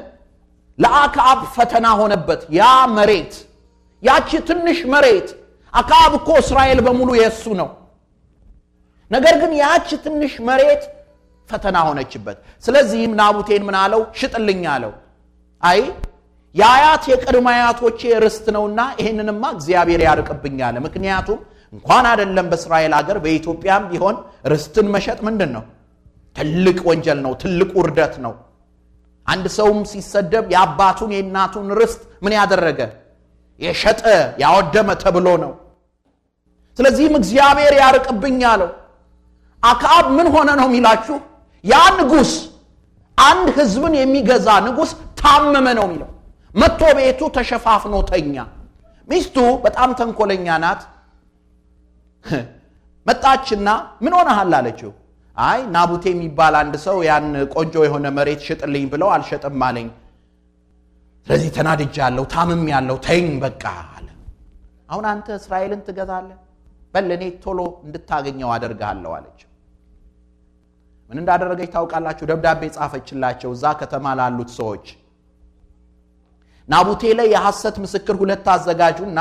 ለአክአብ ፈተና ሆነበት። ያ መሬት ያቺ ትንሽ መሬት አክአብ እኮ እስራኤል በሙሉ የእሱ ነው። ነገር ግን ያቺ ትንሽ መሬት ፈተና ሆነችበት። ስለዚህም ናቡቴን ምን አለው? ሽጥልኝ አለው። አይ የአያት የቅድመ አያቶቼ ርስት ነውና ይህንንማ እግዚአብሔር ያርቅብኛለ ምክንያቱም እንኳን አይደለም በእስራኤል አገር በኢትዮጵያም ቢሆን ርስትን መሸጥ ምንድን ነው? ትልቅ ወንጀል ነው። ትልቅ ውርደት ነው። አንድ ሰውም ሲሰደብ የአባቱን የእናቱን ርስት ምን ያደረገ የሸጠ ያወደመ ተብሎ ነው። ስለዚህም እግዚአብሔር ያርቅብኝ አለው። አክአብ ምን ሆነ ነው የሚላችሁ? ያ ንጉስ አንድ ህዝብን የሚገዛ ንጉስ ታመመ ነው የሚለው። መቶ ቤቱ ተሸፋፍኖ ተኛ። ሚስቱ በጣም ተንኮለኛ ናት። <laughs> መጣችና ምን ሆነሃል አለችው። አይ ናቡቴ የሚባል አንድ ሰው ያን ቆንጆ የሆነ መሬት ሽጥልኝ ብለው አልሸጥም አለኝ። ስለዚህ ያለው ታምም ያለው ተኝ በቃ አለ። አሁን አንተ እስራኤልን ትገዛለህ? በል እኔ ቶሎ እንድታገኘው አደርግሃለሁ አለችው። ምን እንዳደረገች ታውቃላችሁ? ደብዳቤ ጻፈችላቸው እዛ ከተማ ላሉት ሰዎች። ናቡቴ ላይ የሐሰት ምስክር ሁለት አዘጋጁና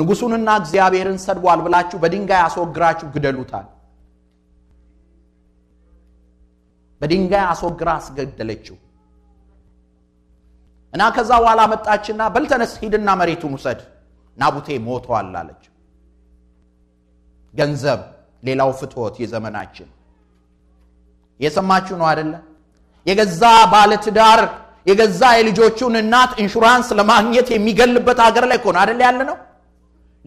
ንጉሱንና እግዚአብሔርን ሰድቧል ብላችሁ በድንጋይ አስወግራችሁ ግደሉታል። በድንጋይ አስወግራ አስገደለችው እና ከዛ በኋላ መጣችና በልተነስ ሂድና መሬቱን ውሰድ ናቡቴ ሞተዋል አለችው። ገንዘብ ሌላው ፍትወት የዘመናችን የሰማችሁ ነው አይደለ? የገዛ ባለትዳር የገዛ የልጆቹን እናት ኢንሹራንስ ለማግኘት የሚገልበት ሀገር ላይ እኮ ነው አይደለ ያለ ነው።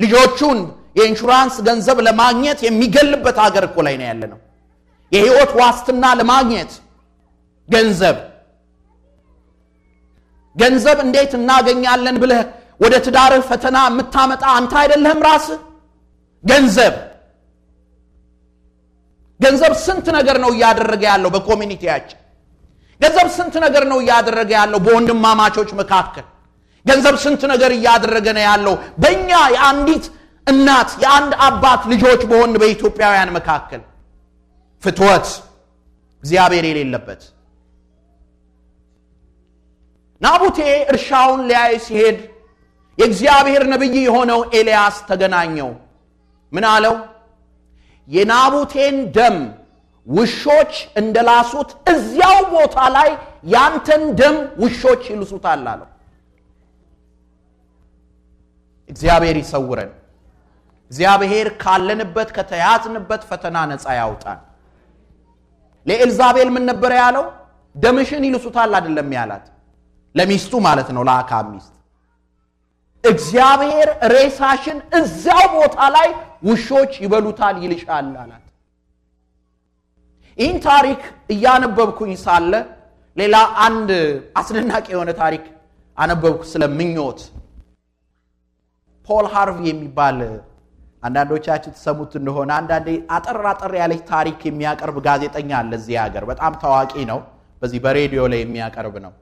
ልጆቹን የኢንሹራንስ ገንዘብ ለማግኘት የሚገልበት ሀገር እኮ ላይ ነው ያለ ነው። የህይወት ዋስትና ለማግኘት ገንዘብ ገንዘብ እንዴት እናገኛለን ብለህ ወደ ትዳርህ ፈተና የምታመጣ አንተ አይደለህም ራስህ ገንዘብ ገንዘብ ስንት ነገር ነው እያደረገ ያለው በኮሚኒቲያችን። ገንዘብ ስንት ነገር ነው እያደረገ ያለው በወንድማማቾች መካከል። ገንዘብ ስንት ነገር እያደረገ ነው ያለው በእኛ የአንዲት እናት የአንድ አባት ልጆች በሆን በኢትዮጵያውያን መካከል ፍትወት እግዚአብሔር የሌለበት ናቡቴ እርሻውን ሊያይ ሲሄድ የእግዚአብሔር ነቢይ የሆነው ኤልያስ ተገናኘው። ምን አለው? የናቡቴን ደም ውሾች እንደላሱት እዚያው ቦታ ላይ ያንተን ደም ውሾች ይልሱታል አለው። እግዚአብሔር ይሰውረን። እግዚአብሔር ካለንበት ከተያዝንበት ፈተና ነፃ ያውጣን። ለኤልዛቤል ምን ነበረ ያለው? ደምሽን ይልሱታል አይደለም ያላት፣ ለሚስቱ ማለት ነው፣ ለአካብ ሚስት። እግዚአብሔር ሬሳሽን እዚያው ቦታ ላይ ውሾች ይበሉታል ይልሻል አላት። ይህን ታሪክ እያነበብኩኝ ሳለ ሌላ አንድ አስደናቂ የሆነ ታሪክ አነበብኩ ስለ ምኞት። ፖል ሃርቪ የሚባል አንዳንዶቻችን ትሰሙት እንደሆነ አንዳንዴ አጠር አጠር ያለች ታሪክ የሚያቀርብ ጋዜጠኛ አለ እዚህ ሀገር፣ በጣም ታዋቂ ነው። በዚህ በሬዲዮ ላይ የሚያቀርብ ነው።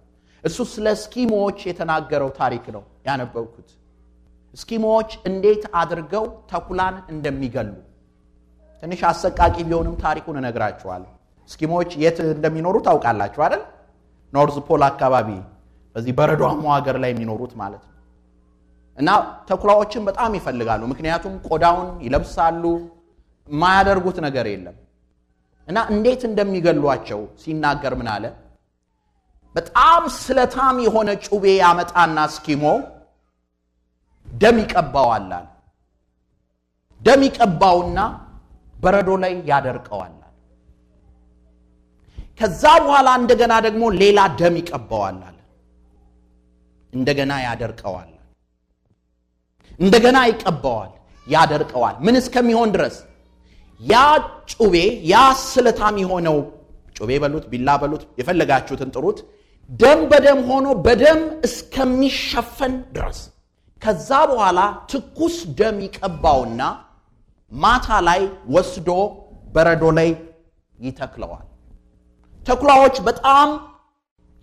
እሱ ስለ እስኪሞዎች የተናገረው ታሪክ ነው ያነበብኩት። እስኪሞዎች እንዴት አድርገው ተኩላን እንደሚገሉ ትንሽ አሰቃቂ ቢሆንም ታሪኩን እነግራችኋለሁ። እስኪሞዎች የት እንደሚኖሩ ታውቃላችሁ አይደል? ኖርዝ ፖል አካባቢ በዚህ በረዷማው ሀገር ላይ የሚኖሩት ማለት ነው። እና ተኩላዎችን በጣም ይፈልጋሉ፣ ምክንያቱም ቆዳውን ይለብሳሉ፣ የማያደርጉት ነገር የለም። እና እንዴት እንደሚገሏቸው ሲናገር ምን አለ? በጣም ስለታም የሆነ ጩቤ ያመጣና እስኪሞ ደም ይቀባዋል አለ። ደም ይቀባውና በረዶ ላይ ያደርቀዋል። ከዛ በኋላ እንደገና ደግሞ ሌላ ደም ይቀባዋል አለ። እንደገና ያደርቀዋል። እንደገና ይቀባዋል፣ ያደርቀዋል። ምን እስከሚሆን ድረስ ያ ጩቤ ያ ስለታም የሆነው ጩቤ በሉት፣ ቢላ በሉት፣ የፈለጋችሁትን ጥሩት፣ ደም በደም ሆኖ በደም እስከሚሸፈን ድረስ ከዛ በኋላ ትኩስ ደም ይቀባውና ማታ ላይ ወስዶ በረዶ ላይ ይተክለዋል። ተኩላዎች በጣም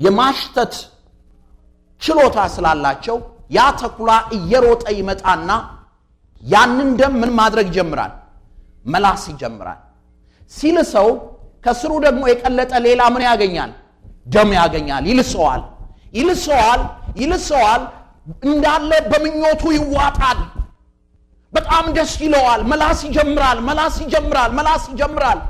የማሽተት ችሎታ ስላላቸው ያ ተኩላ እየሮጠ ይመጣና ያንን ደም ምን ማድረግ ይጀምራል? መላስ ይጀምራል። ሲልሰው ከስሩ ደግሞ የቀለጠ ሌላ ምን ያገኛል? ደም ያገኛል። ይልሰዋል፣ ይልሰዋል፣ ይልሰዋል። እንዳለ በምኞቱ ይዋጣል። በጣም ደስ ይለዋል። መላስ ይጀምራል፣ መላስ ይጀምራል፣ መላስ ይጀምራል።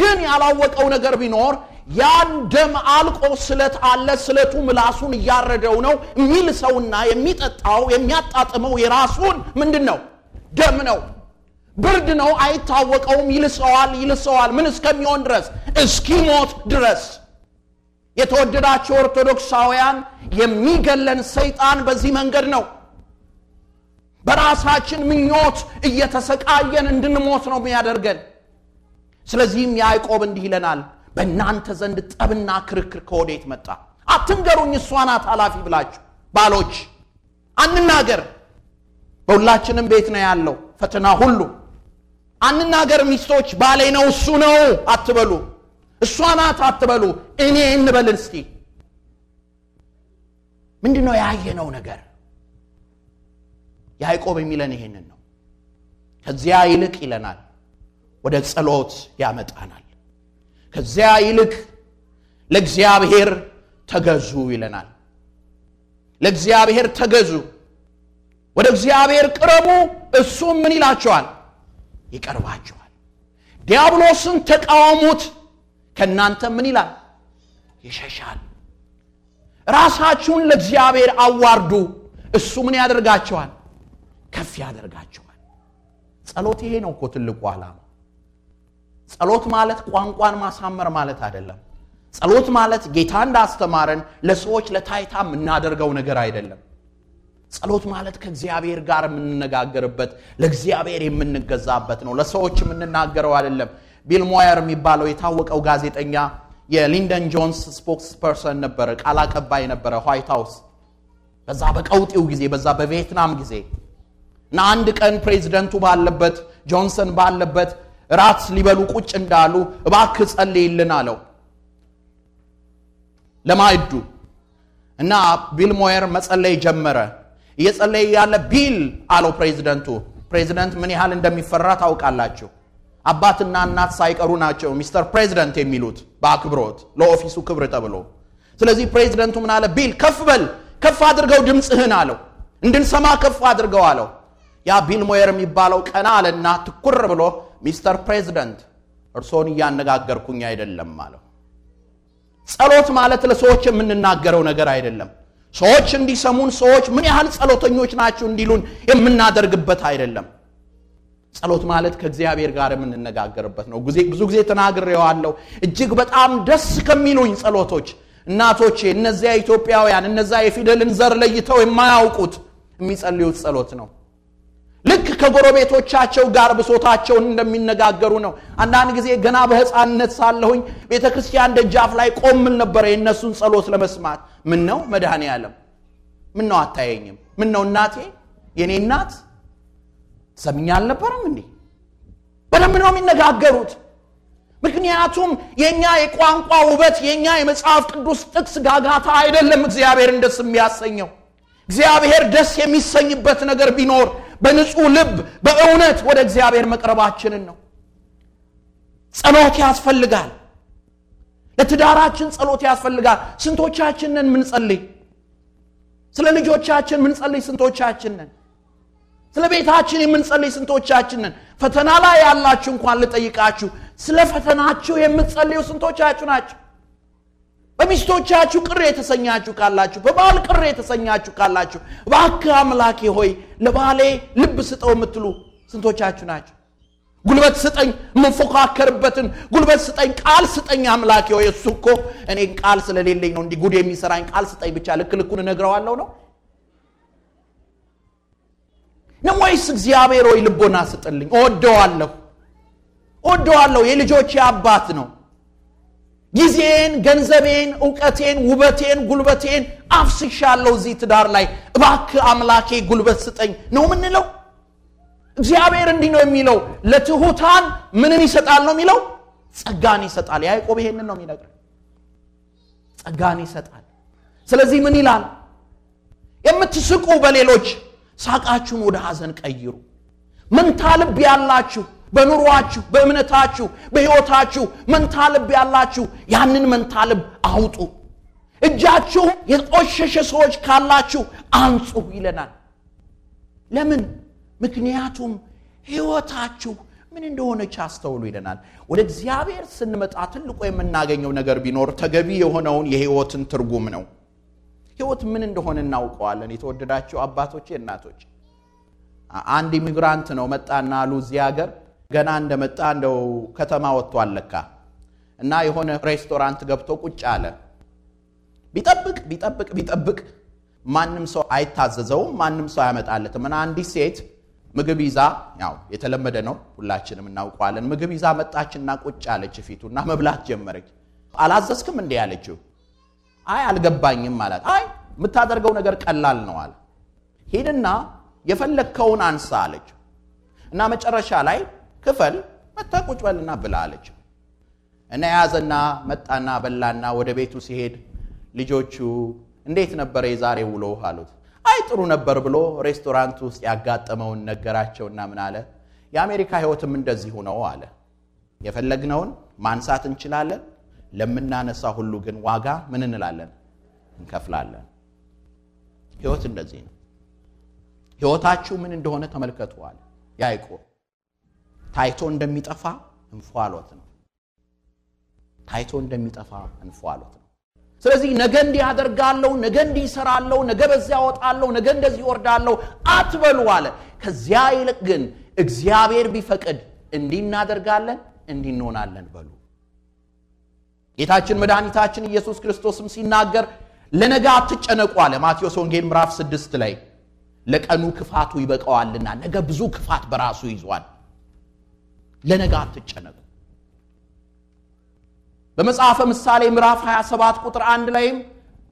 ግን ያላወቀው ነገር ቢኖር ያን ደም አልቆ ስለት አለ፣ ስለቱ ምላሱን እያረደው ነው የሚል ሰውና የሚጠጣው የሚያጣጥመው የራሱን ምንድን ነው? ደም ነው። ብርድ ነው፣ አይታወቀውም። ይልሰዋል፣ ይልሰዋል። ምን እስከሚሆን ድረስ? እስኪሞት ድረስ የተወደዳቸው ኦርቶዶክሳውያን የሚገለን ሰይጣን በዚህ መንገድ ነው። በራሳችን ምኞት እየተሰቃየን እንድንሞት ነው የሚያደርገን። ስለዚህም ያዕቆብ እንዲህ ይለናል፣ በእናንተ ዘንድ ጠብና ክርክር ከወዴት መጣ? አትንገሩኝ፣ እሷ ናት ኃላፊ ብላችሁ ባሎች አንናገር። በሁላችንም ቤት ነው ያለው ፈተና ሁሉ። አንናገር፣ ሚስቶች ባሌ ነው እሱ ነው አትበሉ። እሷ ናት አትበሉ፣ እኔ እንበል እስቲ። ምንድን ነው ያየነው ነገር? ያዕቆብ የሚለን ይሄንን ነው። ከዚያ ይልቅ ይለናል ወደ ጸሎት ያመጣናል። ከዚያ ይልቅ ለእግዚአብሔር ተገዙ ይለናል። ለእግዚአብሔር ተገዙ፣ ወደ እግዚአብሔር ቅረቡ፣ እሱም ምን ይላቸዋል? ይቀርባቸዋል። ዲያብሎስን ተቃወሙት ከእናንተ ምን ይላል? ይሸሻል። ራሳችሁን ለእግዚአብሔር አዋርዱ፣ እሱ ምን ያደርጋችኋል? ከፍ ያደርጋችኋል። ጸሎት ይሄ ነው እኮ ትልቁ ዓላማ። ጸሎት ማለት ቋንቋን ማሳመር ማለት አይደለም። ጸሎት ማለት ጌታ እንዳስተማረን ለሰዎች ለታይታ የምናደርገው ነገር አይደለም። ጸሎት ማለት ከእግዚአብሔር ጋር የምንነጋገርበት ለእግዚአብሔር የምንገዛበት ነው። ለሰዎች የምንናገረው አይደለም። ቢል ሞየር የሚባለው የታወቀው ጋዜጠኛ የሊንደን ጆንስ ስፖክስ ፐርሰን ነበረ፣ ቃል አቀባይ ነበረ ዋይት ሃውስ በዛ በቀውጢው ጊዜ በዛ በቪየትናም ጊዜ እና አንድ ቀን ፕሬዚደንቱ ባለበት ጆንሰን ባለበት ራት ሊበሉ ቁጭ እንዳሉ እባክህ ጸልይልን አለው ለማዕዱ እና ቢል ሞየር መጸለይ ጀመረ። እየጸለየ ያለ ቢል አለው ፕሬዚደንቱ። ፕሬዚደንት ምን ያህል እንደሚፈራ ታውቃላችሁ። አባትና እናት ሳይቀሩ ናቸው ሚስተር ፕሬዚደንት የሚሉት በአክብሮት ለኦፊሱ ክብር ተብሎ። ስለዚህ ፕሬዚደንቱ ምን አለ ቢል፣ ከፍ በል ከፍ አድርገው ድምፅህን አለው፣ እንድንሰማ ከፍ አድርገው አለው። ያ ቢል ሞየር የሚባለው ቀና አለና ትኩር ብሎ ሚስተር ፕሬዚደንት እርሶን እያነጋገርኩኝ አይደለም አለው። ጸሎት ማለት ለሰዎች የምንናገረው ነገር አይደለም። ሰዎች እንዲሰሙን፣ ሰዎች ምን ያህል ጸሎተኞች ናችሁ እንዲሉን የምናደርግበት አይደለም። ጸሎት ማለት ከእግዚአብሔር ጋር የምንነጋገርበት ነው። ብዙ ጊዜ ተናግሬዋለሁ። እጅግ በጣም ደስ ከሚሉኝ ጸሎቶች እናቶቼ፣ እነዚያ ኢትዮጵያውያን፣ እነዚያ የፊደልን ዘር ለይተው የማያውቁት የሚጸልዩት ጸሎት ነው። ልክ ከጎረቤቶቻቸው ጋር ብሶታቸውን እንደሚነጋገሩ ነው። አንዳንድ ጊዜ ገና በሕፃንነት ሳለሁኝ ቤተ ክርስቲያን ደጃፍ ላይ ቆምል ነበረ የእነሱን ጸሎት ለመስማት። ምን ነው መድኃኔ ዓለም፣ ምን ነው አታየኝም? ምን ነው እናቴ፣ የእኔ እናት ሰምኛ አልነበረም እንዴ? በለምን ነው የሚነጋገሩት። ምክንያቱም የእኛ የቋንቋ ውበት የእኛ የመጽሐፍ ቅዱስ ጥቅስ ጋጋታ አይደለም። እግዚአብሔርን ደስ የሚያሰኘው እግዚአብሔር ደስ የሚሰኝበት ነገር ቢኖር በንጹህ ልብ በእውነት ወደ እግዚአብሔር መቅረባችንን ነው። ጸሎት ያስፈልጋል። ለትዳራችን ጸሎት ያስፈልጋል። ስንቶቻችንን ምንጸልይ? ስለ ልጆቻችን ምንጸልይ ስንቶቻችንን ስለ ቤታችን የምንጸልይ ስንቶቻችንን ፈተና ላይ ያላችሁ እንኳን ልጠይቃችሁ፣ ስለ ፈተናችሁ የምትጸልዩ ስንቶቻችሁ ናቸው? በሚስቶቻችሁ ቅር የተሰኛችሁ ካላችሁ፣ በባል ቅር የተሰኛችሁ ካላችሁ፣ በአክ አምላኬ ሆይ ለባሌ ልብ ስጠው የምትሉ ስንቶቻችሁ ናቸው? ጉልበት ስጠኝ፣ የምንፎካከርበትን ጉልበት ስጠኝ፣ ቃል ስጠኝ አምላኬ ሆይ። እሱ እኮ እኔ ቃል ስለሌለኝ ነው እንዲህ ጉድ የሚሰራኝ። ቃል ስጠኝ ብቻ ልክ ልኩን እነግረዋለሁ ነው ነው ወይስ እግዚአብሔር ወይ ልቦና ስጥልኝ? እወደዋለሁ እወደዋለሁ። የልጆች አባት ነው። ጊዜን፣ ገንዘቤን፣ እውቀቴን፣ ውበቴን፣ ጉልበቴን አፍስሻለሁ እዚህ ትዳር ላይ። እባክ አምላኬ ጉልበት ስጠኝ ነው ምንለው። እግዚአብሔር እንዲህ ነው የሚለው። ለትሑታን ምንን ይሰጣል ነው የሚለው? ጸጋን ይሰጣል። ያዕቆብ ይሄንን ነው የሚነግር፣ ጸጋን ይሰጣል። ስለዚህ ምን ይላል? የምትስቁ በሌሎች ሳቃችሁን ወደ ሐዘን ቀይሩ። መንታ ልብ ያላችሁ በኑሯችሁ፣ በእምነታችሁ፣ በሕይወታችሁ መንታ ልብ ያላችሁ ያንን መንታ ልብ አውጡ። እጃችሁ የቆሸሸ ሰዎች ካላችሁ አንጹ ይለናል። ለምን? ምክንያቱም ሕይወታችሁ ምን እንደሆነች አስተውሉ ይለናል። ወደ እግዚአብሔር ስንመጣ ትልቆ የምናገኘው ነገር ቢኖር ተገቢ የሆነውን የሕይወትን ትርጉም ነው። ህይወት ምን እንደሆነ እናውቀዋለን። የተወደዳቸው አባቶቼ፣ እናቶች አንድ ኢሚግራንት ነው መጣና አሉ እዚህ ሀገር ገና እንደመጣ እንደው ከተማ ወጥቶ አለካ እና የሆነ ሬስቶራንት ገብቶ ቁጭ አለ። ቢጠብቅ ቢጠብቅ ቢጠብቅ ማንም ሰው አይታዘዘውም፣ ማንም ሰው አያመጣለትም። እና አንዲት ሴት ምግብ ይዛ ያው የተለመደ ነው፣ ሁላችንም እናውቀዋለን። ምግብ ይዛ መጣችና ቁጭ አለች ፊቱ እና መብላት ጀመረች። አላዘዝክም እንዲህ ያለችው አይ አልገባኝም ማለት አይ የምታደርገው ነገር ቀላል ነው አለ። ሂድና የፈለግከውን አንሳ አለች እና መጨረሻ ላይ ክፈል መጥተህ ቁጭ በልና ብላ አለች እና የያዘና መጣና በላና ወደ ቤቱ ሲሄድ ልጆቹ እንዴት ነበረ የዛሬ ውሎ አሉት። አይ ጥሩ ነበር ብሎ ሬስቶራንት ውስጥ ያጋጠመውን ነገራቸውና ምን አለ የአሜሪካ ሕይወትም እንደዚሁ ነው አለ። የፈለግነውን ማንሳት እንችላለን ለምናነሳ ሁሉ ግን ዋጋ ምን እንላለን? እንከፍላለን። ህይወት እንደዚህ ነው። ህይወታችሁ ምን እንደሆነ ተመልከተዋል። ያዕቆብ ታይቶ እንደሚጠፋ እንፏሎት ነው። ታይቶ እንደሚጠፋ እንፏሎት ነው። ስለዚህ ነገ እንዲህ አደርጋለሁ፣ ነገ እንዲህ ይሰራለሁ፣ ነገ በዚያ ወጣለሁ፣ ነገ እንደዚህ ይወርዳለሁ አትበሉ አለ። ከዚያ ይልቅ ግን እግዚአብሔር ቢፈቅድ እንዲህ እናደርጋለን፣ እንዲህ እንሆናለን በሉ። ጌታችን መድኃኒታችን ኢየሱስ ክርስቶስም ሲናገር ለነገ አትጨነቁ አለ። ማቴዎስ ወንጌል ምዕራፍ ስድስት ላይ ለቀኑ ክፋቱ ይበቃዋልና ነገ ብዙ ክፋት በራሱ ይዟል፣ ለነገ አትጨነቁ። በመጽሐፈ ምሳሌ ምዕራፍ 27 ቁጥር አንድ ላይም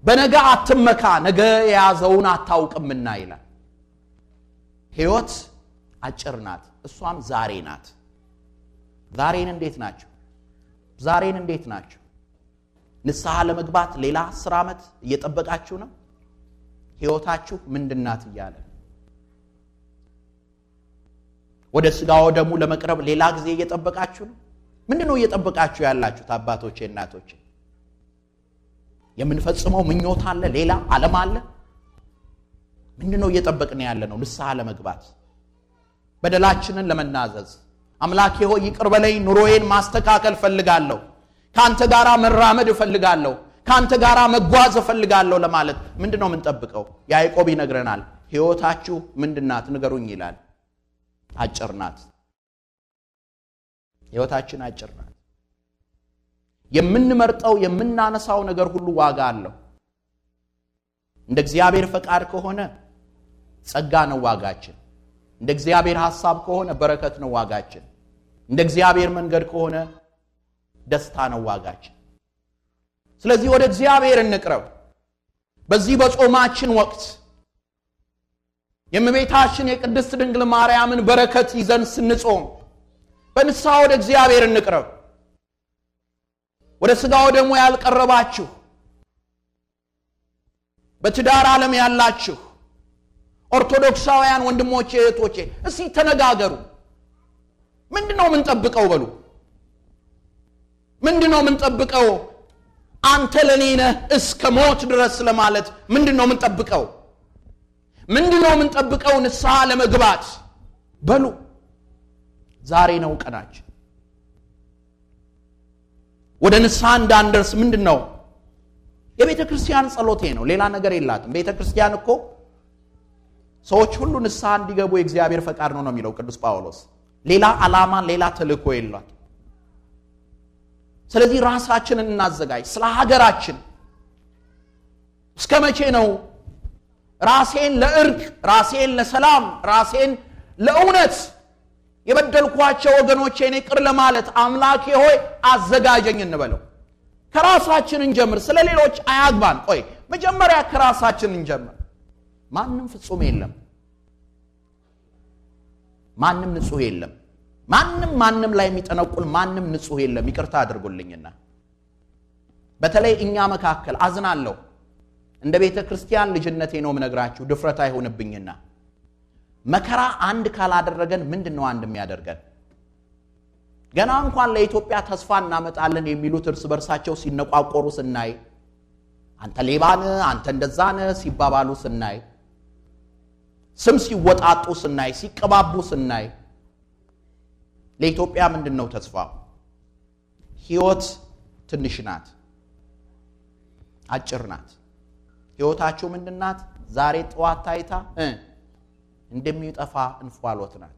በነገ አትመካ ነገ የያዘውን አታውቅምና ይላል። ሕይወት አጭር ናት፣ እሷም ዛሬ ናት። ዛሬን እንዴት ናቸው? ዛሬን እንዴት ናቸው? ንስሐ ለመግባት ሌላ አስር ዓመት እየጠበቃችሁ ነው። ሕይወታችሁ ምንድናት እያለ ወደ ስጋው ደሙ ለመቅረብ ሌላ ጊዜ እየጠበቃችሁ ነው። ምንድን ነው እየጠበቃችሁ ያላችሁት? አባቶቼ እናቶቼ፣ የምንፈጽመው ምኞት አለ፣ ሌላ ዓለም አለ። ምንድን ነው እየጠበቅን ያለ ነው? ንስሐ ለመግባት በደላችንን ለመናዘዝ አምላኬ ሆይ ይቅር በለኝ፣ ኑሮዬን ማስተካከል ፈልጋለሁ ከአንተ ጋራ መራመድ እፈልጋለሁ፣ ከአንተ ጋራ መጓዝ እፈልጋለሁ ለማለት ምንድን ነው የምንጠብቀው? ያዕቆብ ይነግረናል። ሕይወታችሁ ምንድናት ንገሩኝ ይላል። አጭር ናት። ሕይወታችን አጭር ናት። የምንመርጠው የምናነሳው ነገር ሁሉ ዋጋ አለው። እንደ እግዚአብሔር ፈቃድ ከሆነ ጸጋ ነው ዋጋችን። እንደ እግዚአብሔር ሐሳብ ከሆነ በረከት ነው ዋጋችን። እንደ እግዚአብሔር መንገድ ከሆነ ደስታ ነው ዋጋችን። ስለዚህ ወደ እግዚአብሔር እንቅረብ። በዚህ በጾማችን ወቅት የእመቤታችን የቅድስት ድንግል ማርያምን በረከት ይዘን ስንጾም በንስሐ ወደ እግዚአብሔር እንቅረብ። ወደ ሥጋው ደግሞ ያልቀረባችሁ በትዳር ዓለም ያላችሁ ኦርቶዶክሳውያን ወንድሞቼ እህቶቼ፣ እስቲ ተነጋገሩ። ምንድን ነው የምንጠብቀው? በሉ ምንድን ነው የምንጠብቀው? አንተ ለእኔ ነህ እስከ ሞት ድረስ ለማለት ምንድን ነው የምንጠብቀው? ምንድን ነው የምንጠብቀው? ንስሐ ለመግባት በሉ ዛሬ ነው ቀናችን። ወደ ንስሐ እንዳንደርስ ምንድን ነው የቤተ ክርስቲያን ጸሎቴ ነው። ሌላ ነገር የላትም። ቤተ ክርስቲያን እኮ ሰዎች ሁሉ ንስሐ እንዲገቡ የእግዚአብሔር ፈቃድ ነው ነው የሚለው ቅዱስ ጳውሎስ። ሌላ ዓላማ፣ ሌላ ተልእኮ የሏት። ስለዚህ ራሳችንን እናዘጋጅ። ስለ ሀገራችን እስከ መቼ ነው ራሴን ለእርቅ ራሴን ለሰላም ራሴን ለእውነት የበደልኳቸው ወገኖች እኔ ቅር ለማለት አምላኬ ሆይ አዘጋጀኝ እንበለው። ከራሳችን እንጀምር። ስለ ሌሎች አያግባን። ቆይ መጀመሪያ ከራሳችን እንጀምር። ማንም ፍጹም የለም። ማንም ንጹህ የለም። ማንም ማንም ላይ የሚጠነቁል ማንም ንጹህ የለም። ይቅርታ አድርጉልኝና በተለይ እኛ መካከል አዝናለሁ። እንደ ቤተ ክርስቲያን ልጅነቴ ነው ምነግራችሁ፣ ድፍረት አይሆንብኝና መከራ አንድ ካላደረገን ምንድን ነው አንድ የሚያደርገን? ገና እንኳን ለኢትዮጵያ ተስፋ እናመጣለን የሚሉት እርስ በርሳቸው ሲነቋቆሩ ስናይ፣ አንተ ሌባን አንተ እንደዛነ ሲባባሉ ስናይ፣ ስም ሲወጣጡ ስናይ፣ ሲቀባቡ ስናይ ለኢትዮጵያ ምንድን ነው ተስፋ? ህይወት ትንሽ ናት፣ አጭር ናት። ህይወታችሁ ምንድናት ዛሬ ጠዋት ታይታ እንደሚጠፋ እንፏሎት ናት።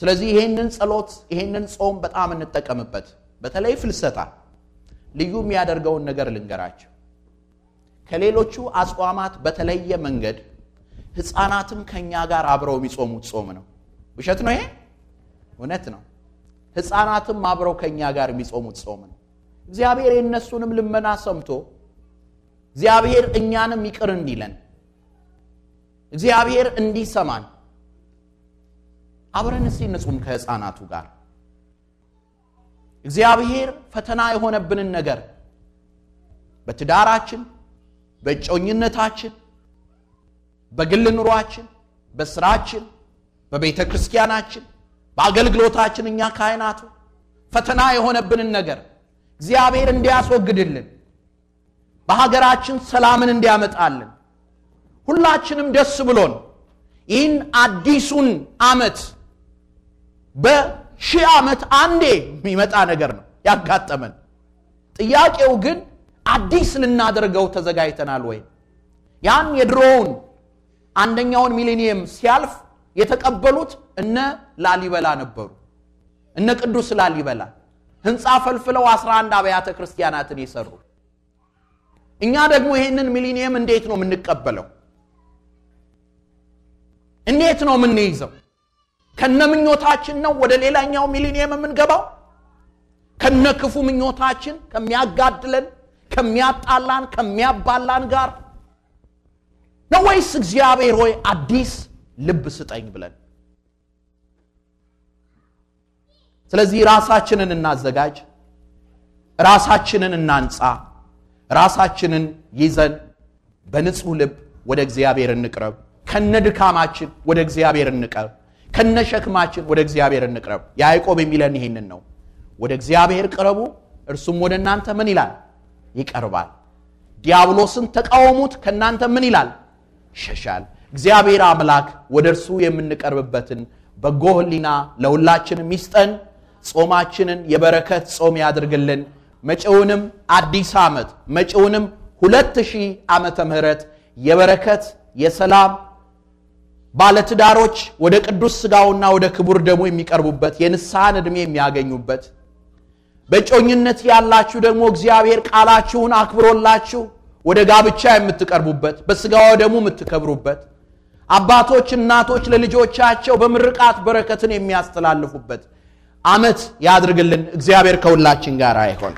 ስለዚህ ይሄንን ጸሎት ይሄንን ጾም በጣም እንጠቀምበት። በተለይ ፍልሰታ ልዩ የሚያደርገውን ነገር ልንገራቸው። ከሌሎቹ አጽዋማት በተለየ መንገድ ህፃናትም ከእኛ ጋር አብረው የሚጾሙት ጾም ነው። ውሸት ነው ይሄ እውነት ነው ህፃናትም አብረው ከእኛ ጋር የሚጾሙት ጾም ነው እግዚአብሔር የእነሱንም ልመና ሰምቶ እግዚአብሔር እኛንም ይቅር እንዲለን እግዚአብሔር እንዲሰማን አብረን እስቲ ንጹም ከህፃናቱ ጋር እግዚአብሔር ፈተና የሆነብንን ነገር በትዳራችን፣ በእጮኝነታችን፣ በግል ኑሯችን፣ በስራችን በቤተ ክርስቲያናችን፣ በአገልግሎታችን እኛ ካህናቱ ፈተና የሆነብንን ነገር እግዚአብሔር እንዲያስወግድልን በሀገራችን ሰላምን እንዲያመጣልን ሁላችንም ደስ ብሎን ይህን አዲሱን ዓመት በሺህ ዓመት አንዴ የሚመጣ ነገር ነው ያጋጠመን። ጥያቄው ግን አዲስ ልናደርገው ተዘጋጅተናል ወይም ያን የድሮውን አንደኛውን ሚሊኒየም ሲያልፍ የተቀበሉት እነ ላሊበላ ነበሩ። እነ ቅዱስ ላሊበላ ህንፃ ፈልፍለው 11 አብያተ ክርስቲያናትን የሰሩ። እኛ ደግሞ ይህንን ሚሊኒየም እንዴት ነው የምንቀበለው? እንዴት ነው የምንይዘው? ከነ ምኞታችን ነው ወደ ሌላኛው ሚሊኒየም የምንገባው? ከነ ክፉ ምኞታችን ከሚያጋድለን ከሚያጣላን ከሚያባላን ጋር ነው ወይስ እግዚአብሔር ሆይ አዲስ ልብ ስጠኝ ብለን። ስለዚህ ራሳችንን እናዘጋጅ፣ ራሳችንን እናንጻ፣ ራሳችንን ይዘን በንጹህ ልብ ወደ እግዚአብሔር እንቅረብ። ከነ ድካማችን ወደ እግዚአብሔር እንቅረብ። ከነሸክማችን ወደ እግዚአብሔር እንቅረብ። ያዕቆብ የሚለን ይሄንን ነው። ወደ እግዚአብሔር ቅረቡ፣ እርሱም ወደ እናንተ ምን ይላል? ይቀርባል። ዲያብሎስን ተቃወሙት፣ ከእናንተ ምን ይላል? ይሸሻል። እግዚአብሔር አምላክ ወደ እርሱ የምንቀርብበትን በጎ ህሊና ለሁላችንም ይስጠን። ጾማችንን የበረከት ጾም ያድርግልን። መጪውንም አዲስ ዓመት መጪውንም ሁለት ሺህ ዓመተ ምህረት የበረከት የሰላም ባለትዳሮች ወደ ቅዱስ ሥጋውና ወደ ክቡር ደሙ የሚቀርቡበት የንስሐን ዕድሜ የሚያገኙበት በጮኝነት ያላችሁ ደግሞ እግዚአብሔር ቃላችሁን አክብሮላችሁ ወደ ጋብቻ የምትቀርቡበት በሥጋው ደሙ የምትከብሩበት አባቶች እናቶች ለልጆቻቸው በምርቃት በረከትን የሚያስተላልፉበት ዓመት ያድርግልን። እግዚአብሔር ከሁላችን ጋር አይሆን።